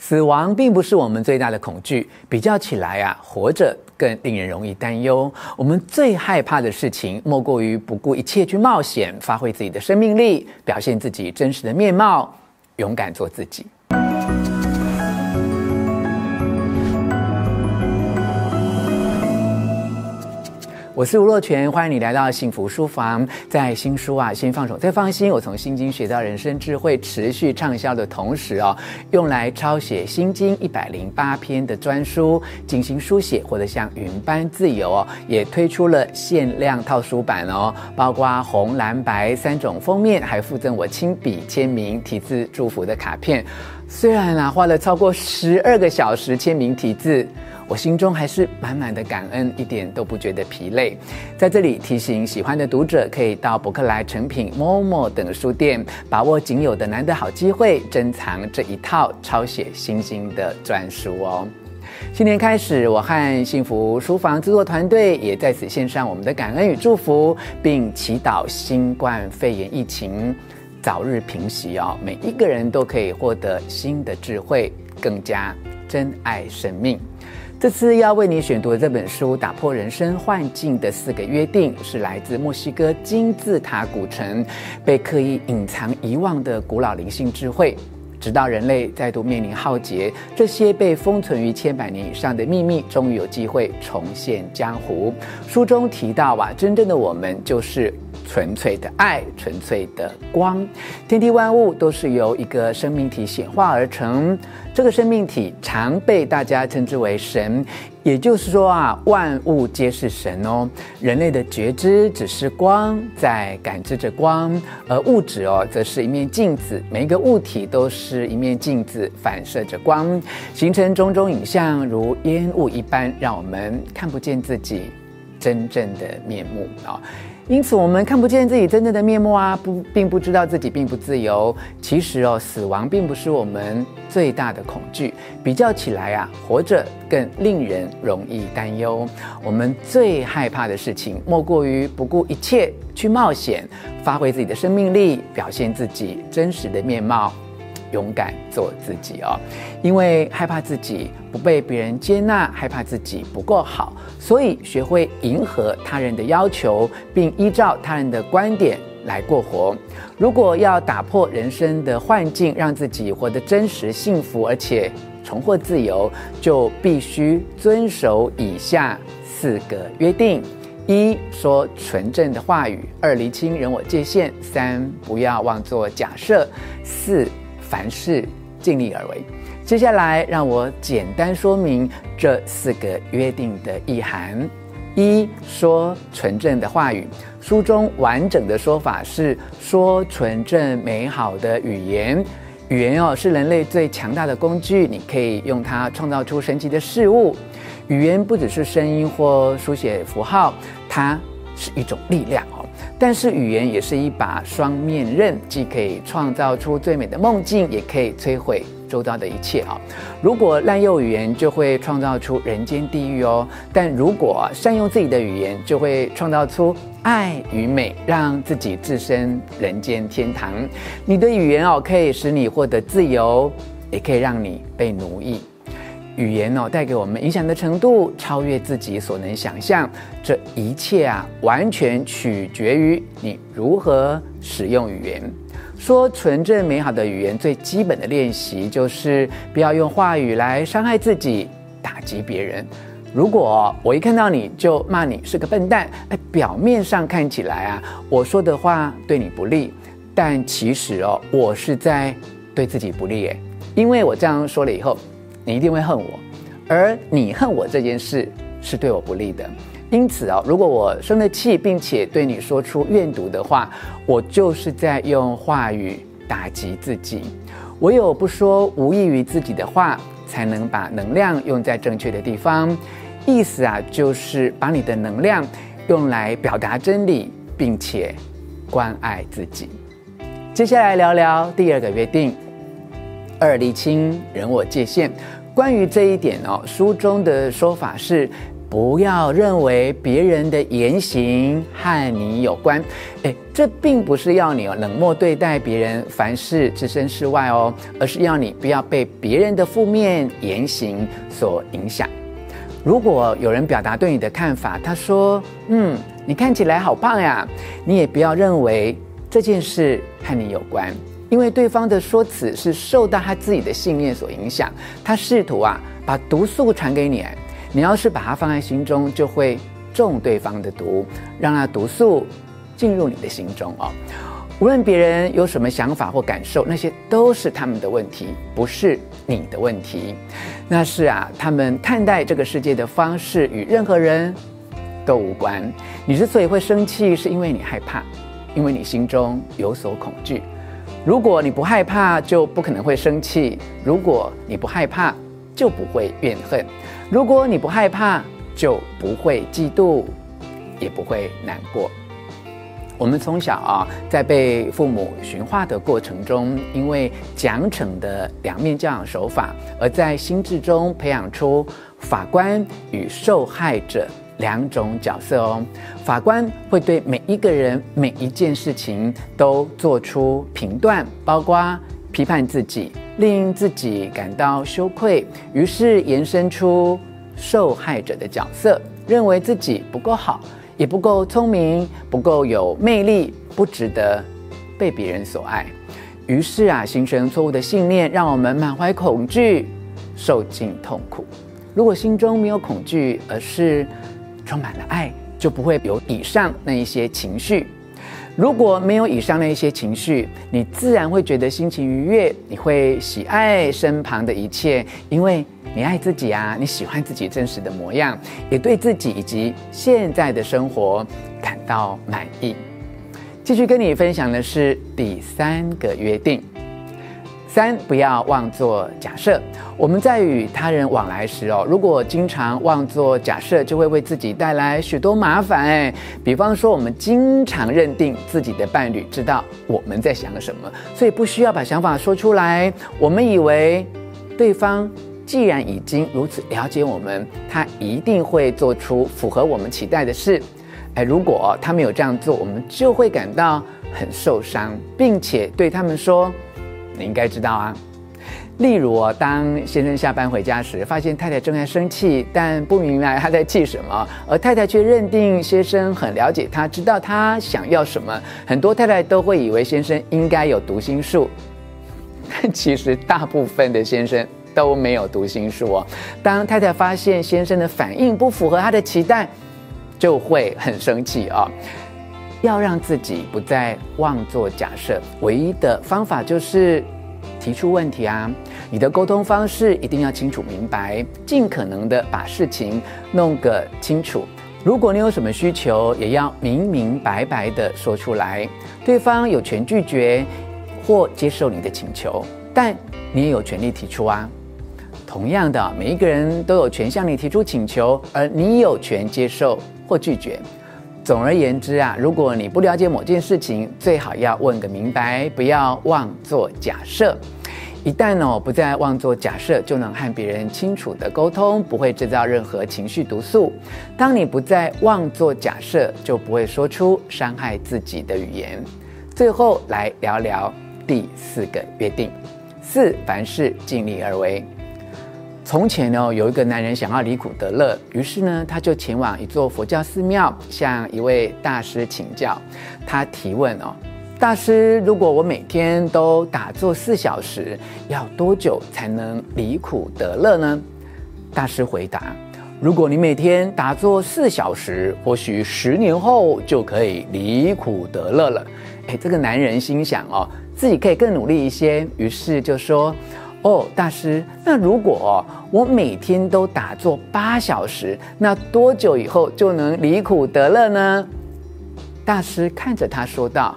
死亡並不是我們最大的恐懼，比較起來啊，活着更令人容易擔憂。我們最害怕的事情，莫過於不顧一切去冒險，發揮自己的生命力，表現自己真實的面貌，勇敢做自己。我是吳若權，歡迎你來到幸福書房。在新書啊，先放手，再放心。我從《心經》學到人生智慧，持續暢銷的同時哦，用來抄寫《心經》一百零八篇的專書進行書寫，活得像雲般自由哦，也推出了限量套書版哦，包括紅、藍、白三種封面，還附贈我親筆簽名題字祝福的卡片。雖然啊，花了超過十二個小時簽名題字。我心中還是滿滿的感恩，一點都不覺得疲累。在這裡提醒喜歡的讀者，可以到博客來、誠品、MO MO 等書店，把握僅有的難得好機會，珍藏這一套抄寫心經的專書哦。新年開始，我和幸福書房制作團隊也在此獻上我們的感恩與祝福，並祈禱新冠肺炎疫情早日平息哦。每一個人都可以獲得新的智慧，更加珍愛生命。這次要為你選讀的這本書《打破人生幻境的四個約定》，是來自墨西哥金字塔古城，被刻意隱藏遺忘的古老靈性智慧。直到人類再度面臨浩劫，這些被封存於千百年以上的秘密，終於有機會重現江湖。書中提到啊，真正的我們就是。純粹的愛，純粹的光，天地萬物都是由一個生命體顯化而成。這個生命體常被大家稱之為神，也就是說啊，萬物皆是神哦。人類的覺知只是光在感知着光，而物質哦，則是一面鏡子，每一個物體都是一面鏡子反射着光，形成種種影像，如煙霧一般，讓我們看不見自己。真正的面目啊，哦，因此我們看不見自己真正的面目啊，不，並不知道自己並不自由。其實哦，死亡並不是我們最大的恐懼，比較起來啊，活着更令人容易擔憂。我們最害怕的事情，莫過於不顧一切去冒險，發揮自己的生命力，表現自己真實的面貌。勇敢做自己哦，因為害怕自己不被別人接納，害怕自己不夠好，所以學會迎合他人的要求，並依照他人的觀點來過活。如果要打破人生的幻境，讓自己活得真實、幸福，而且重獲自由，就必須遵守以下四個約定：一、說純正的話語；二、釐清人我界限；三、不要妄做假設；四、凡事盡力而為。接下來，讓我簡單說明這四個約定的意涵。一說純正的話語，書中完整的說法是說純正美好的語言。語言哦，是人類最強大的工具，你可以用它創造出神奇的事物。語言不只是聲音或書寫符號，它是一種力量哦。但是語言也是一把雙面刃，既可以創造出最美的夢境，也可以摧毀周遭的一切啊！如果濫用語言，就會創造出人間地獄哦。但如果善用自己的語言，就會創造出愛與美，讓自己置身人間天堂。你的語言哦，可以使你獲得自由，也可以讓你被奴役。語言哦，帶給我們影響的程度超越自己所能想象。這一切啊，完全取決於你如何使用語言。說純正美好的語言，最基本的練習就是不要用話語來傷害自己、打擊別人。如果我一看到你就罵你是個笨蛋，哎，表面上看起來啊，我說的話對你不利，但其實哦，我是在對自己不利。哎，因為我這樣說了以後。你一定會恨我，而你恨我這件事是對我不利的。因此啊，如果我生了氣，並且對你說出怨毒的話，我就是在用話語打擊自己。唯有不說無益於自己的話，才能把能量用在正確的地方。意思啊，就是把你的能量用來表達真理，並且關愛自己。接下來聊聊第二個約定。二釐清人我界限。關於這一點哦，書中的說法是：不要認為別人的言行和你有關。哎，這並不是要你冷漠對待別人，凡事置身事外哦，而是要你不要被別人的負面言行所影響。如果有人表達對你的看法，他說：“嗯，你看起來好胖呀。”你也不要認為這件事和你有關。因為對方的說辭是受到他自己的信念所影響，他試圖啊把毒素傳給你，你要是把它放在心中，就會中對方的毒，讓那毒素進入你的心中哦，無論別人有什麼想法或感受，那些都是他們的問題，不是你的問題。那是啊，他們看待這個世界的方式與任何人都無關。你之所以會生氣，是因為你害怕，因為你心中有所恐懼。如果你不害怕，就不可能會生氣；如果你不害怕，就不會怨恨；如果你不害怕，就不會嫉妒，也不會難過。我們從小啊，在被父母馴化的過程中，因為獎懲的兩面教養手法，而在心智中培養出法官與受害者。兩種角色哦，法官會對每一個人、每一件事情都做出評斷，包括批判自己，令自己感到羞愧，於是延伸出受害者的角色，認為自己不夠好，也不夠聰明，不夠有魅力，不值得被別人所愛，於是啊，形成錯誤的信念，讓我們滿懷恐懼，受盡痛苦。如果心中沒有恐懼，而是充滿了愛，就不會有以上那一些情緒。如果沒有以上那一些情緒，你自然會覺得心情愉悅，你會喜愛身旁的一切，因為你愛自己啊，你喜歡自己真實的模樣，也對自己以及現在的生活感到滿意。繼續跟你分享的是第三個約定。三、不要妄做假設。我們在與他人往來時哦，如果經常妄做假設，就會為自己帶來許多麻煩。哎，比方說，我們經常認定自己的伴侶知道我們在想什麼，所以不需要把想法說出來。我們以為，對方既然已經如此了解我們，他一定會做出符合我們期待的事。哎，如果、哦、他沒有這樣做，我們就會感到很受傷，並且對他們說。你應該知道啊，例如哦，當先生下班回家時，發現太太正在生氣，但不明白他在氣什麼，而太太卻認定先生很了解他，知道他想要什麼。很多太太都會以為先生應該有讀心術，但其實大部分的先生都沒有讀心術哦。當太太發現先生的反應不符合他的期待，就會很生氣啊，哦。要讓自己不再妄作假設，唯一的方法就是提出問題啊！你的溝通方式一定要清楚明白，盡可能的把事情弄個清楚。如果你有什麼需求，也要明明白白的說出來。對方有權拒絕或接受你的請求，但你也有權利提出啊。同樣的，每一個人都有權向你提出請求，而你有權接受或拒絕。總而言之啊，如果你不了解某件事情，最好要問個明白，不要妄做假設。一旦哦，我不再妄做假設，就能和別人清楚的溝通，不會制造任何情緒毒素。當你不再妄做假設，就不會說出傷害自己的語言。最後來聊聊第四個約定：四，凡事盡力而為。從前呢，有一個男人想要離苦得樂，於是呢，他就前往一座佛教寺廟，向一位大師請教。他提問哦，大師，如果我每天都打坐四小時，要多久才能離苦得樂呢？大師回答：如果你每天打坐四小時，或許十年後就可以離苦得樂了。哎，這個男人心想哦，自己可以更努力一些，於是就說。哦、oh,，大師，那如果、哦、我每天都打坐八小時，那多久以後就能離苦得樂呢？大師看着他說道：“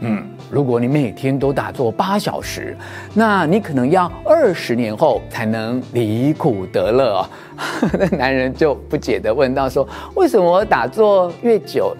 嗯，如果你每天都打坐八小時，那你可能要二十年後才能離苦得樂、哦。 ”那男人就不解的問道：“說為什麼我打坐越久，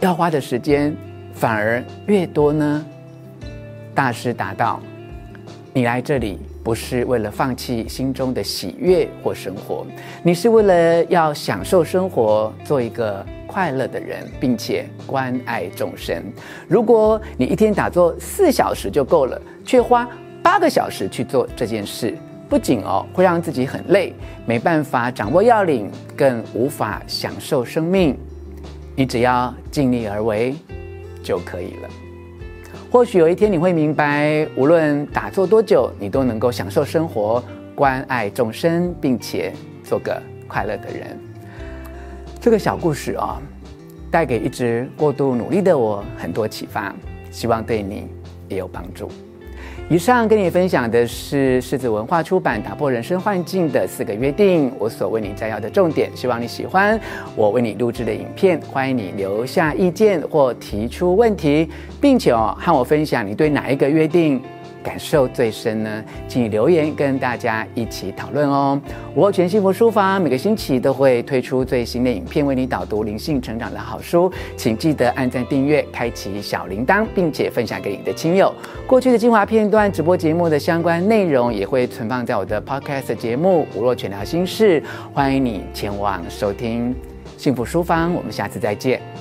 要花的時間反而越多呢？”大師答道：“你來這裡。”不是為了放棄心中的喜悅或生活，你是為了要享受生活，做一個快樂的人，並且關愛眾生。如果你一天打坐四小時就夠了，卻花八個小時去做這件事，不僅哦會讓自己很累，沒辦法掌握要領，更無法享受生命。你只要盡力而為就可以了。或許有一天你會明白，無論打坐多久，你都能夠享受生活、關愛眾生，並且做個快樂的人。這個小故事啊、哦，帶給一直過度努力的我很多啟發，希望對你也有幫助。以上跟你分享的是柿子文化出版《打破人生幻境的四個約定》，我所為你摘要的重點，希望你喜歡我為你錄製的影片。歡迎你留下意見或提出問題，並且哦，和我分享你對哪一個約定。感受最深呢，請留言跟大家一起討論哦。吳若權幸福書房每個星期都會推出最新的影片，為你導讀靈性成長的好書，請記得按讚、訂閱、開啟小鈴鐺，並且分享給你的親友。過去的精華片段、直播節目的相關內容也會存放在我的 Podcast 的節目《吳若權聊心事》，歡迎你前往收聽。幸福書房，我們下次再見。